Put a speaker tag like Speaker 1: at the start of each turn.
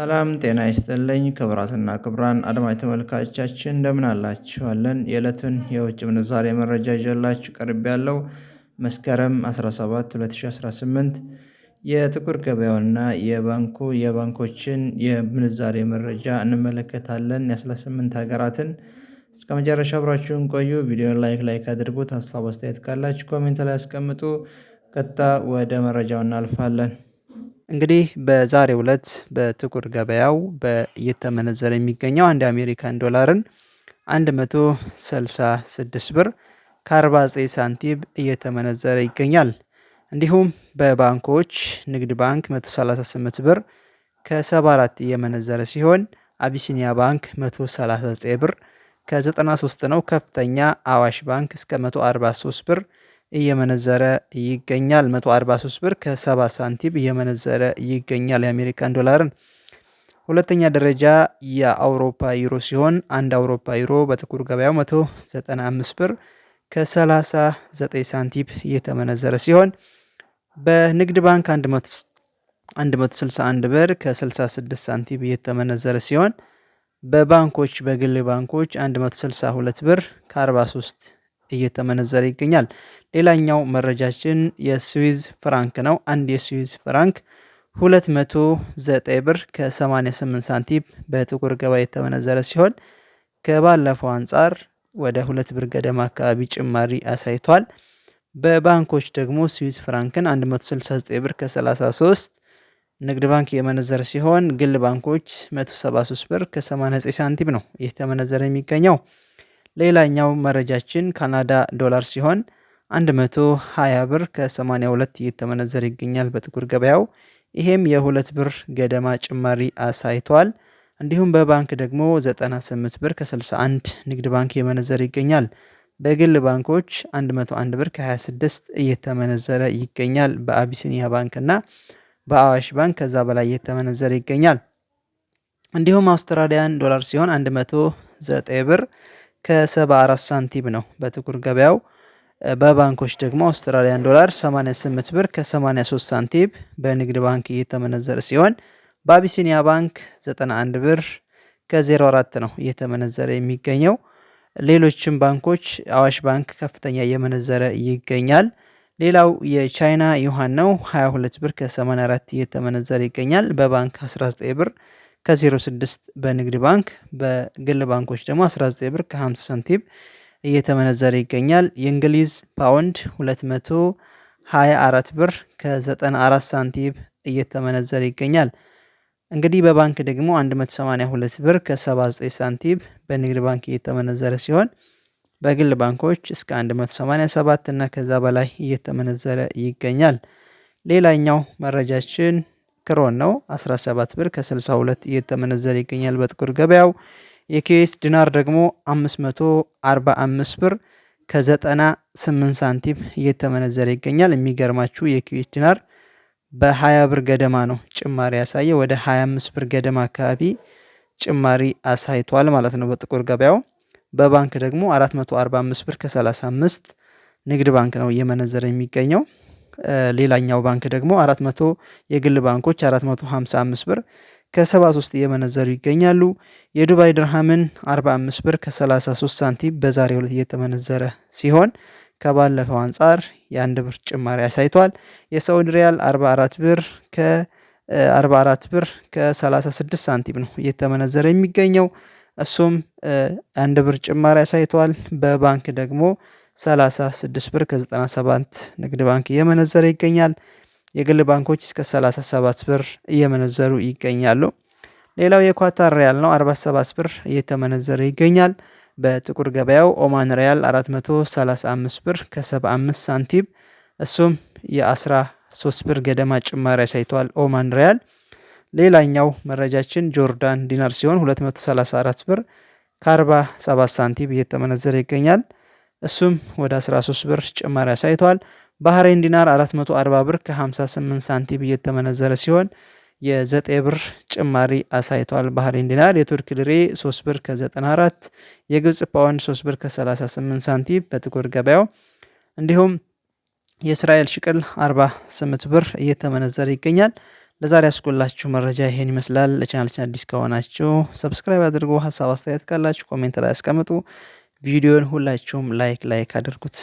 Speaker 1: ሰላም ጤና ይስጥልኝ ክብራትና ክብራን አድማጭ ተመልካቾቻችን እንደምን አላችኋለን? የዕለቱን የውጭ ምንዛሬ መረጃ ይዤላችሁ ያለው መስከረም 17 2018 የጥቁር ገበያውና የባንኩ የባንኮችን የምንዛሬ መረጃ እንመለከታለን። የ18 ሀገራትን እስከ መጨረሻ አብራችሁን ቆዩ። ቪዲዮን ላይክ ላይክ አድርጉት። ሀሳብ አስተያየት ካላችሁ ኮሜንት ላይ ያስቀምጡ። ቀጥታ ወደ መረጃው እናልፋለን። እንግዲህ በዛሬው ዕለት በጥቁር ገበያው እየተመነዘረ የሚገኘው አንድ የአሜሪካን ዶላርን 166 ብር ከ49 ሳንቲም እየተመነዘረ ይገኛል። እንዲሁም በባንኮች ንግድ ባንክ 138 ብር ከ74 እየመነዘረ ሲሆን አቢሲኒያ ባንክ 139 ብር ከ93 ነው። ከፍተኛ አዋሽ ባንክ እስከ 143 ብር እየመነዘረ ይገኛል። 143 ብር ከ70 ሳንቲም እየመነዘረ ይገኛል የአሜሪካን ዶላርን። ሁለተኛ ደረጃ የአውሮፓ ዩሮ ሲሆን አንድ አውሮፓ ዩሮ በጥቁር ገበያው 195 ብር ከ39 ሳንቲም እየተመነዘረ ሲሆን በንግድ ባንክ 161 ብር ከ66 ሳንቲም እየተመነዘረ ሲሆን በባንኮች በግል ባንኮች 162 ብር ከ43 እየተመነዘረ ይገኛል። ሌላኛው መረጃችን የስዊዝ ፍራንክ ነው። አንድ የስዊዝ ፍራንክ 209 ብር ከ88 ሳንቲም በጥቁር ገበያ የተመነዘረ ሲሆን ከባለፈው አንጻር ወደ ሁለት ብር ገደማ አካባቢ ጭማሪ አሳይቷል። በባንኮች ደግሞ ስዊዝ ፍራንክን 169 ብር ከ33 ንግድ ባንክ የመነዘረ ሲሆን ግል ባንኮች 173 ብር ከ89 ሳንቲም ነው የተመነዘረ የሚገኘው። ሌላኛው መረጃችን ካናዳ ዶላር ሲሆን 120 ብር ከ82 እየተመነዘረ ይገኛል በጥቁር ገበያው። ይሄም የሁለት ብር ገደማ ጭማሪ አሳይቷል። እንዲሁም በባንክ ደግሞ 98 ብር ከ61 ንግድ ባንክ እየመነዘረ ይገኛል። በግል ባንኮች 101 ብር ከ26 እየተመነዘረ ይገኛል በአቢሲኒያ ባንክና በአዋሽ ባንክ ከዛ በላይ እየተመነዘረ ይገኛል። እንዲሁም አውስትራሊያን ዶላር ሲሆን 109 ብር ከ74 ሳንቲም ነው በጥቁር ገበያው። በባንኮች ደግሞ አውስትራሊያን ዶላር 88 ብር ከ83 ሳንቲም በንግድ ባንክ እየተመነዘረ ሲሆን በአቢሲኒያ ባንክ 91 ብር ከ04 ነው እየተመነዘረ የሚገኘው። ሌሎችም ባንኮች አዋሽ ባንክ ከፍተኛ እየመነዘረ ይገኛል። ሌላው የቻይና ዩሃን ነው 22 ብር ከ84 እየተመነዘረ ይገኛል። በባንክ 19 ብር ከ06 በንግድ ባንክ በግል ባንኮች ደግሞ 19 ብር ከ50 ሳንቲም እየተመነዘረ ይገኛል። የእንግሊዝ ፓውንድ 224 ብር ከ94 ሳንቲም እየተመነዘረ ይገኛል። እንግዲህ በባንክ ደግሞ 182 ብር ከ79 ሳንቲም በንግድ ባንክ እየተመነዘረ ሲሆን በግል ባንኮች እስከ 187 እና ከዛ በላይ እየተመነዘረ ይገኛል። ሌላኛው መረጃችን ነው 17 ብር ከ62 እየተመነዘረ ይገኛል በጥቁር ገበያው። የኩዌስ ዲናር ደግሞ 545 ብር ከ98 ሳንቲም እየተመነዘረ ይገኛል። የሚገርማችሁ የኩዌስ ዲናር በ20 ብር ገደማ ነው ጭማሪ ያሳየ ወደ 25 ብር ገደማ አካባቢ ጭማሪ አሳይቷል ማለት ነው በጥቁር ገበያው። በባንክ ደግሞ 445 ብር ከ35 ንግድ ባንክ ነው እየመነዘረ የሚገኘው። ሌላኛው ባንክ ደግሞ 400 የግል ባንኮች 455 ብር ከ73 እየመነዘሩ ይገኛሉ። የዱባይ ድርሃምን 45 ብር ከ33 ሳንቲም በዛሬው ዕለት እየተመነዘረ ሲሆን ከባለፈው አንጻር የአንድ ብር ጭማሪ አሳይቷል። የሳዑዲ ሪያል 44 ብር ከ 44 ብር ከ36 ሳንቲም ነው እየተመነዘረ የሚገኘው እሱም አንድ ብር ጭማሪ አሳይቷል። በባንክ ደግሞ 36 ብር ከ97 ንግድ ባንክ እየመነዘረ ይገኛል። የግል ባንኮች እስከ 37 ብር እየመነዘሩ ይገኛሉ። ሌላው የኳታር ሪያል ነው 47 ብር እየተመነዘረ ይገኛል። በጥቁር ገበያው ኦማን ሪያል 435 ብር ከ75 ሳንቲም እሱም የ13 ብር ገደማ ጭማሪ አሳይቷል። ኦማን ሪያል ሌላኛው መረጃችን ጆርዳን ዲናር ሲሆን 234 ብር ከ47 ሳንቲም እየተመነዘረ ይገኛል። እሱም ወደ 13 ብር ጭማሪ አሳይተዋል። ባህሬን ዲናር 440 ብር ከ58 ሳንቲም እየተመነዘረ ሲሆን የ9 ብር ጭማሪ አሳይቷል። ባህሬን ዲናር የቱርክ ሊሬ 3 ብር ከ94፣ የግብፅ ፓውንድ 3 ብር ከ38 ሳንቲም በጥቁር ገበያው እንዲሁም የእስራኤል ሽቅል 48 ብር እየተመነዘረ ይገኛል። ለዛሬ ያስኩላችሁ መረጃ ይሄን ይመስላል። ለቻናላችን አዲስ ከሆናችሁ ሰብስክራይብ አድርጎ ሀሳብ አስተያየት ካላችሁ ኮሜንት ላይ ያስቀምጡ። ቪዲዮን ሁላችሁም ላይክ ላይክ አድርጉት